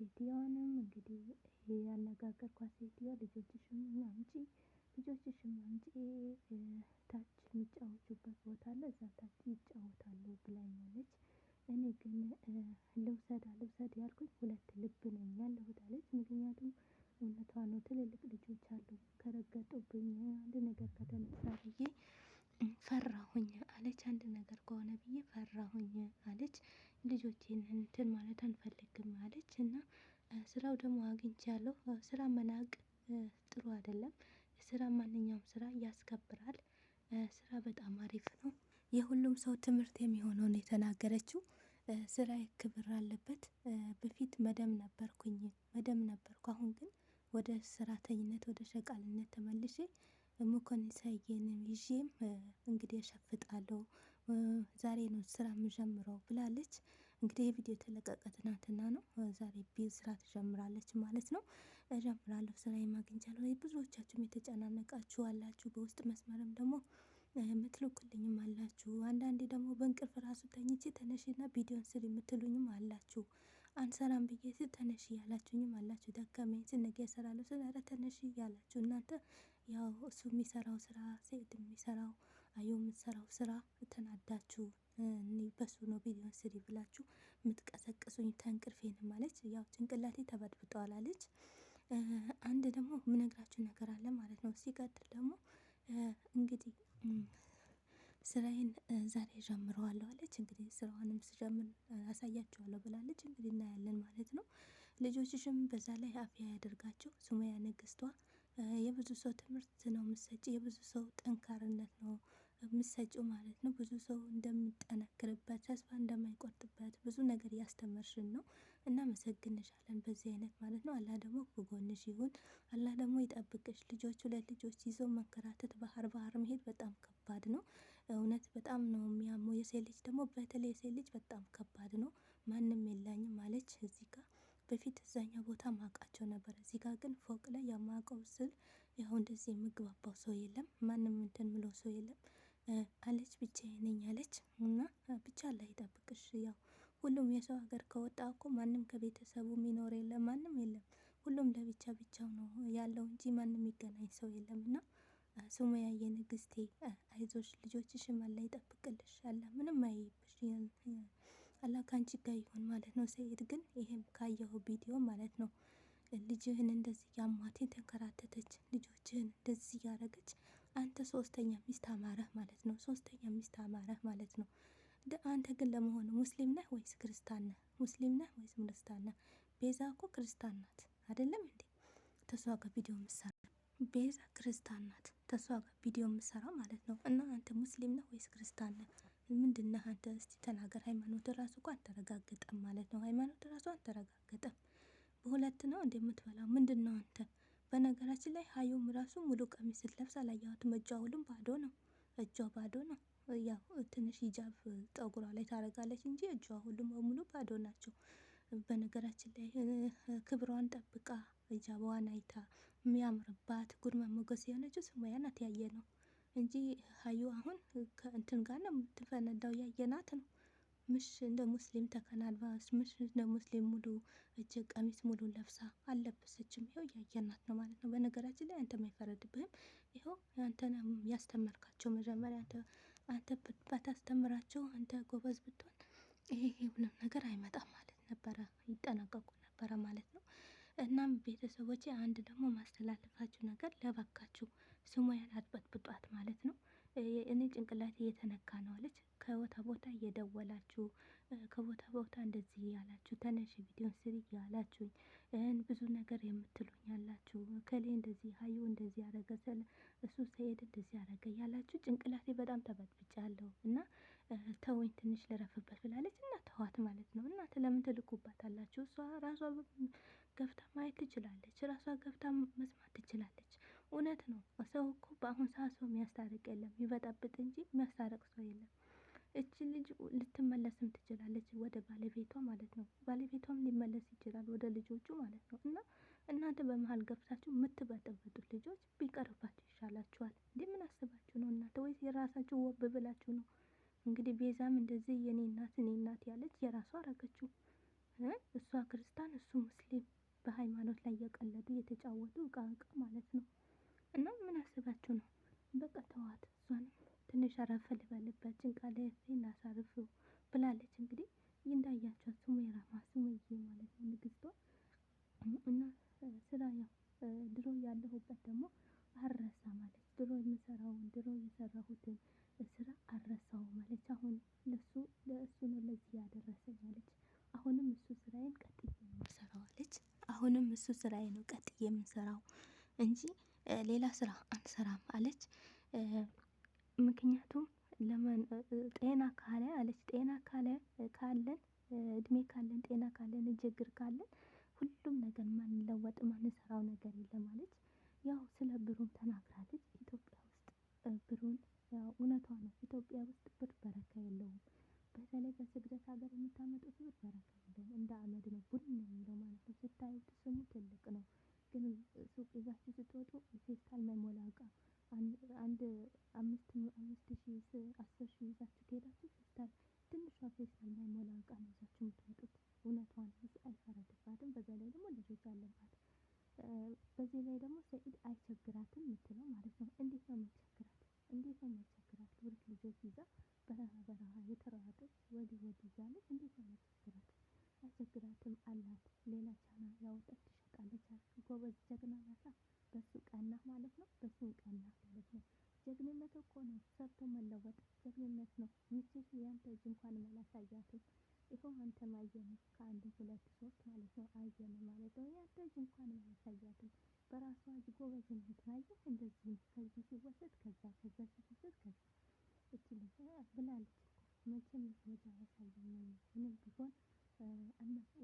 ሴትዮዋንም እንግዲህ ያነጋገርኳት ሴትዮዋ ልጆችሽን አምጪ ልጆችሽን አምጪ ታች የሚጫወቱበት ቦታ አለ እዛ ታች ይጫወታሉ ብላኛለች። እኔ ግን ልውሰድ አልውሰድ ያልኩት ሁለት ልብ አግኝቻለሁ። ስራ መናቅ ጥሩ አይደለም። ስራ ማንኛውም ስራ ያስከብራል። ስራ በጣም አሪፍ ነው። የሁሉም ሰው ትምህርት የሚሆነውን የተናገረችው ስራ ክብር አለበት። በፊት መደም ነበርኩኝ መደም ነበርኩ። አሁን ግን ወደ ሰራተኝነት ወደ ሸቃልነት ተመልሼ መኮንን ሳዬን ይዤም እንግዲህ እሸፍጣለሁ። ዛሬ ነው ስራ የምጀምረው ብላለች። እንግዲህ ይህ የቪዲዮ የተለቀቀ ትናንትና ነው። ዛሬ ቤት ስራ ትጀምራለች ማለት ነው። እጀምራለሁ ስራ የማግኝቻለሁ ወይ? ብዙዎቻችሁም የተጨናነቃችሁ አላችሁ። በውስጥ መስመርም ደግሞ የምትልኩልኝም አላችሁ። አንዳንዴ ደግሞ በእንቅልፍ ራሱ ተኝቼ ተነሽና ቪዲዮን ስር የምትሉኝም አላችሁ። አንሰራም ብዬ ስል ተነሽ እያላችሁኝም አላችሁ። ደከመኝ ስል ነገ እሰራለሁ ስል ኧረ ተነሽ እያላችሁ እናንተ ያው እሱ የሚሰራው ስራ ሴት የሚሰራው የምትሰራው ስራ ተናዳችሁ በሱ ነው ቪዲዮን ስሪ ብላችሁ የምትቀሰቅሱኝ ተንቅልፌን ማለች። ያው ጭንቅላቴ ተበጥብጠዋል አለች። አንድ ደግሞ ምነግራችሁ ነገር አለ ማለት ነው። ሲቀጥል ደግሞ እንግዲህ ስራዬን ዛሬ ጀምረዋለሁ አለች። እንግዲህ ስራዋንም ስጀምር አሳያችኋለሁ ብላለች። እንግዲህ እናያለን ማለት ነው። ልጆችሽም በዛ ላይ አፍያ ያደርጋቸው። ሱመያ ንግስቷ የብዙ ሰው ትምህርት ነው የምትሰጪ፣ የብዙ ሰው ጠንካርነት ነው የምትሰጪው ማለት ነው። ብዙ ሰው እንደሚጠነክርበት ተስፋ እንደማይቆርጥበት ብዙ ነገር እያስተመርሽን ነው። እናመሰግንሻለን በዚህ አይነት ማለት ነው። አላህ ደግሞ ከጎንሽ ይሁን። አላህ ደግሞ ይጠብቅሽ። ልጆች ሁለት ልጆች ይዘው መከራተት ባህር ባህር መሄድ በጣም ከባድ ነው። እውነት በጣም ነው የሚያመው። የሴት ልጅ ደግሞ በተለይ የሴት ልጅ በጣም ከባድ ነው። ማንም የለኝም ማለች እዚህ ጋር በፊት እዛኛው ቦታ ማውቃቸው ነበር። እዚህ ጋር ግን ፎቅ ላይ የማውቀው ስል ያው እንደዚህ የምግባባው ሰው የለም። ማንም እንትን ምለው ሰው የለም። አለች። ብቻዬን ነኝ አለች እና ብቻ አላህ ይጠብቅሽ። ያው ሁሉም የሰው ሀገር ከወጣ እኮ ማንም ከቤተሰቡ የሚኖር የለም፣ ማንም የለም። ሁሉም ለብቻ ብቻው ነው ያለው እንጂ ማንም የሚገናኝ ሰው የለም እና ሱመያ የንግስቴ አይዞሽ፣ ልጆችሽም አላህ ይጠብቅልሽ። አላህ ምንም አይልሽ። አላህ ከአንቺ ጋር ይሁን ማለት ነው። ሰኢድ ግን ይሄም ካየሁ ቪዲዮ ማለት ነው ልጅህን እንደዚህ ያማት የተንከራተተች ልጆችህን እንደዚህ እያደረገች አንተ ሶስተኛ ሚስት አማረህ ማለት ነው። ሶስተኛ ሚስት አማረህ ማለት ነው። አንተ ግን ለመሆኑ ሙስሊም ነህ ወይስ ክርስቲያን ነህ? ሙስሊም ነህ ወይስ ክርስቲያን ነህ? ቤዛ እኮ ክርስቲያን ናት አይደለም እንዴ? ተሷ ጋር ቪዲዮ ምሰራ ቤዛ ክርስቲያን ናት። ተሷ ጋር ቪዲዮ ምሰራ ማለት ነው። እና አንተ ሙስሊም ነህ ወይስ ክርስቲያን ነህ? ምንድን ነህ አንተ? እስቲ ተናገር። ሃይማኖት ራሱ እኮ አልተረጋገጠም ማለት ነው። ሃይማኖት ራሱ አልተረጋገጠም። በሁለት ነው እንደምትበላው ምንድን ነው አንተ በነገራችን ላይ ሀዩም ራሱ ሙሉ ቀሚስ ስትለብስ አላየኋትም። እጇ ሁሉም ባዶ ነው። እጇ ባዶ ነው። ያው ትንሽ ሂጃብ ጠጉሯ ላይ ታደርጋለች እንጂ እጇ ሁሉም በሙሉ ባዶ ናቸው። በነገራችን ላይ ክብሯን ጠብቃ ሂጃቧን አይታ የሚያምርባት ግርማ ሞገስ የሆነችው ሱመያ ናት ያየ ነው እንጂ ሀዩ አሁን ከእንትን ጋር ነው የምትፈነዳው ያየናት ነው። ምሽ እንደ ሙስሊም ተከናንባስ ምሽ እንደ ሙስሊም ሙሉ እጅ ቀሚስ ሙሉ ለብሳ አለበሰችም። ይኸው እያየናት ነው ማለት ነው። በነገራችን ላይ አንተም አይፈረድብህም። ይኸው አንተን ያስተመርካቸው መጀመሪያ አንተ ባታስተምራቸው አንተ ጎበዝ ብትሆን ይሄ ይሄ ምንም ነገር አይመጣም ማለት ነበረ፣ ይጠናቀቁ ነበረ ማለት ነው። እናም ቤተሰቦቼ አንድ ደግሞ ማስተላለፋችሁ ነገር ለበካ ተገሰለ፣ እሱ ሲሄድ እንደዚህ አደረገ እያላችሁ ጭንቅላቴ በጣም ተበጥብጫለሁ እና ተወኝ ትንሽ ልረፍበት ብላለች እና ተዋት ማለት ነው። እናንተ ለምን አላችሁ? እሷ ራሷ ገብታ ማየት ትችላለች። ራሷ ገብታ መስማት ትችላለች። እውነት ነው። ሰው እኮ በአሁን ሰዓት ሰው የሚያስታርቅ የለም፣ ይበጠብጥ እንጂ የሚያስታርቅ ሰው የለም። እቺ ልጅ ልትመለስም ትችላለች ወደ ባለቤቷ ማለት ነው። ባለቤቷም ሊመለስ ይችላል ወደ ልጆቹ ማለት ነው እና እናንተ በመሀል ገብታችሁ የምትበጠበጡት ልጆች ቢቀርባችሁ ይሻላችኋል። እንዴ ምን አስባችሁ ነው እናንተ? ወይስ የራሳችሁ ወብ ብላችሁ ነው? እንግዲህ ቤዛም እንደዚህ የኔ እናት እኔ እናት ያለች የራሷ አረገችው። እሷ ክርስቲያን እሱ ሙስሊም፣ በሃይማኖት ላይ እየቀለዱ እየተጫወቱ እቃ እቃ ማለት ነው። እና ምን አስባችሁ ነው? በቃ ተዋት፣ እሷን ትንሽ አረፍ ልበልበት፣ ጭንቃለ እናሳርፍ ብላለች። እንግዲህ እንዳያቸው ስሙ የራሷ ስሙ ማለት ነው ንግስቷ እና ስራ ያው ድሮ ያለሁበት ደግሞ አረሳ ማለት ድሮ የምሰራውን ድሮ የሰራሁትን ስራ አረሳው ማለት አሁን ለሱ ለእሱ ነው ለዚህ ያደረሰኝ ማለት አሁንም እሱ ስራዬን ቀጥዬ የምሰራው አለች። አሁንም እሱ ስራዬ ነው ቀጥዬ የምሰራው እንጂ ሌላ ስራ አንሰራም አለች። ምክንያቱም ለምን ጤና ካለ አለች ጤና ካለ ካለን እድሜ ካለን ጤና ካለን እጅግር ካለን ብር በረካ የለውም እንደ አመድ ነው ቡን የሚለው ማለት ነው። ስታዩት ስሙ ትልቅ ነው፣ ግን ሱቅ ይዛችሁ ስትወጡ ፌስታል መሞላ እቃ አንድ አምስት አምስት ሺህ አስር ሺህ ይዛችሁ ከሄዳችሁ ፌስታል ትንሿ ፌስታል ማይሞላ እቃ ነው ይዛችሁ የምትወጡት። እውነቷን አይፈረድባትም። በዛ ላይ ደግሞ ልጆች አለባት። በዚህ ላይ ደግሞ ሰኢድ አይቸግራትም የምትለው ማለት ነው። እንዴት ነው የሚቸግራት? እንዴት ነው የሚቸግራት? ሁለት ልጆች ይዛ በረሃ በረሃ የተሯሯጠች ወዲህ ወዲህ እያለች እንዴት አላስቸግራትም? አስቸግራትም አላት። ሌላ ቻና ያወጣች ትሸጣለች። ጎበዝ ጀግና ናታ። በሱ ቀና ማለት ነው። በሱ ቀና ማለት ነው። ጀግንነት እኮ ነው። ሰርቶ መለወጥ ጀግንነት ነው። ሚስቱ ያንተ እጅ እንኳን አላሳያትም። ይኸው አንተም አየን ከአንድ ሁለት ሶስት ማለት ነው። አየን ማለት ነው። ያንተ እጅ እንኳን አላሳያትም። በራሷ ጎበዝ ናት። አየህ እንደዚህ ከዚህ ሲወሰድ ከዛ ከዛ ሲወሰድ ከዛ እቺ ልጅ ብላለች። መቼም ወደ አያሳየኝም ምንም ቢሆን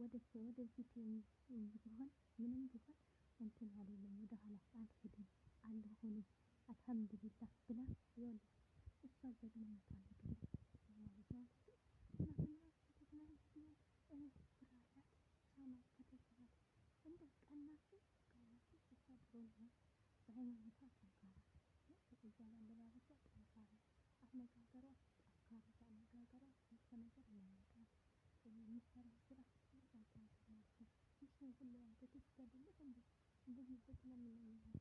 ወደፊት ቢሆን ምንም ቢሆን እንትን አልልም ወደ ኋላ አልሄድም አልሆንም አልሐምዱሊላ ብላ እሷ መጋገሯ ካረጋ መጋገሯ ምርጥ ነገር ይመረጣል። የሚሰራው ስራ ሁሉ አንገት ይስደድለት እንደዚህ እንደዚህ ነው የምንለው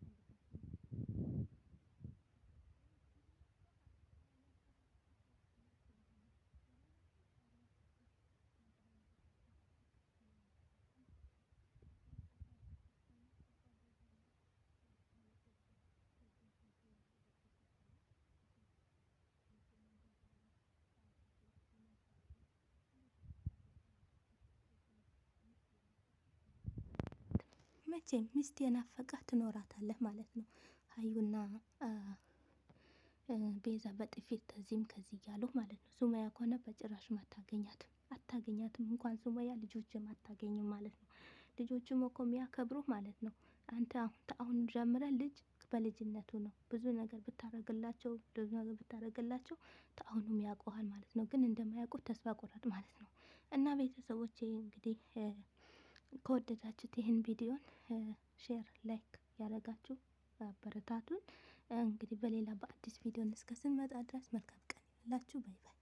መቼም ሚስት የናፈቃ ትኖራታለህ ማለት ነው። ሀዩና ቤዛ በጥፊት ከዚህም ከዚህ እያሉ ማለት ነው። ሱመያ ከሆነ በጭራሽ አታገኛትም አታገኛትም። እንኳን ሱመያ ልጆችም አታገኝም ማለት ነው። ልጆችም እኮ የሚያከብሩ ማለት ነው። አንተ አሁን ጀምረ ልጅ በልጅነቱ ነው ብዙ ነገር ብታረግላቸው ብዙ ነገር ብታረግላቸው አሁንም ያውቀዋል ማለት ነው። ግን እንደማያውቁት ተስፋ ቆራጥ ማለት ነው። እና ቤተሰቦቼ እንግዲህ ከወደዳችሁት ይህን ቪዲዮን ሼር፣ ላይክ ያደረጋችሁ አበረታቱን። እንግዲህ በሌላ በአዲስ ቪዲዮን እስከ ስንመጣ ድረስ መልካም ቀን ይሁንላችሁ። ባይ ባይ።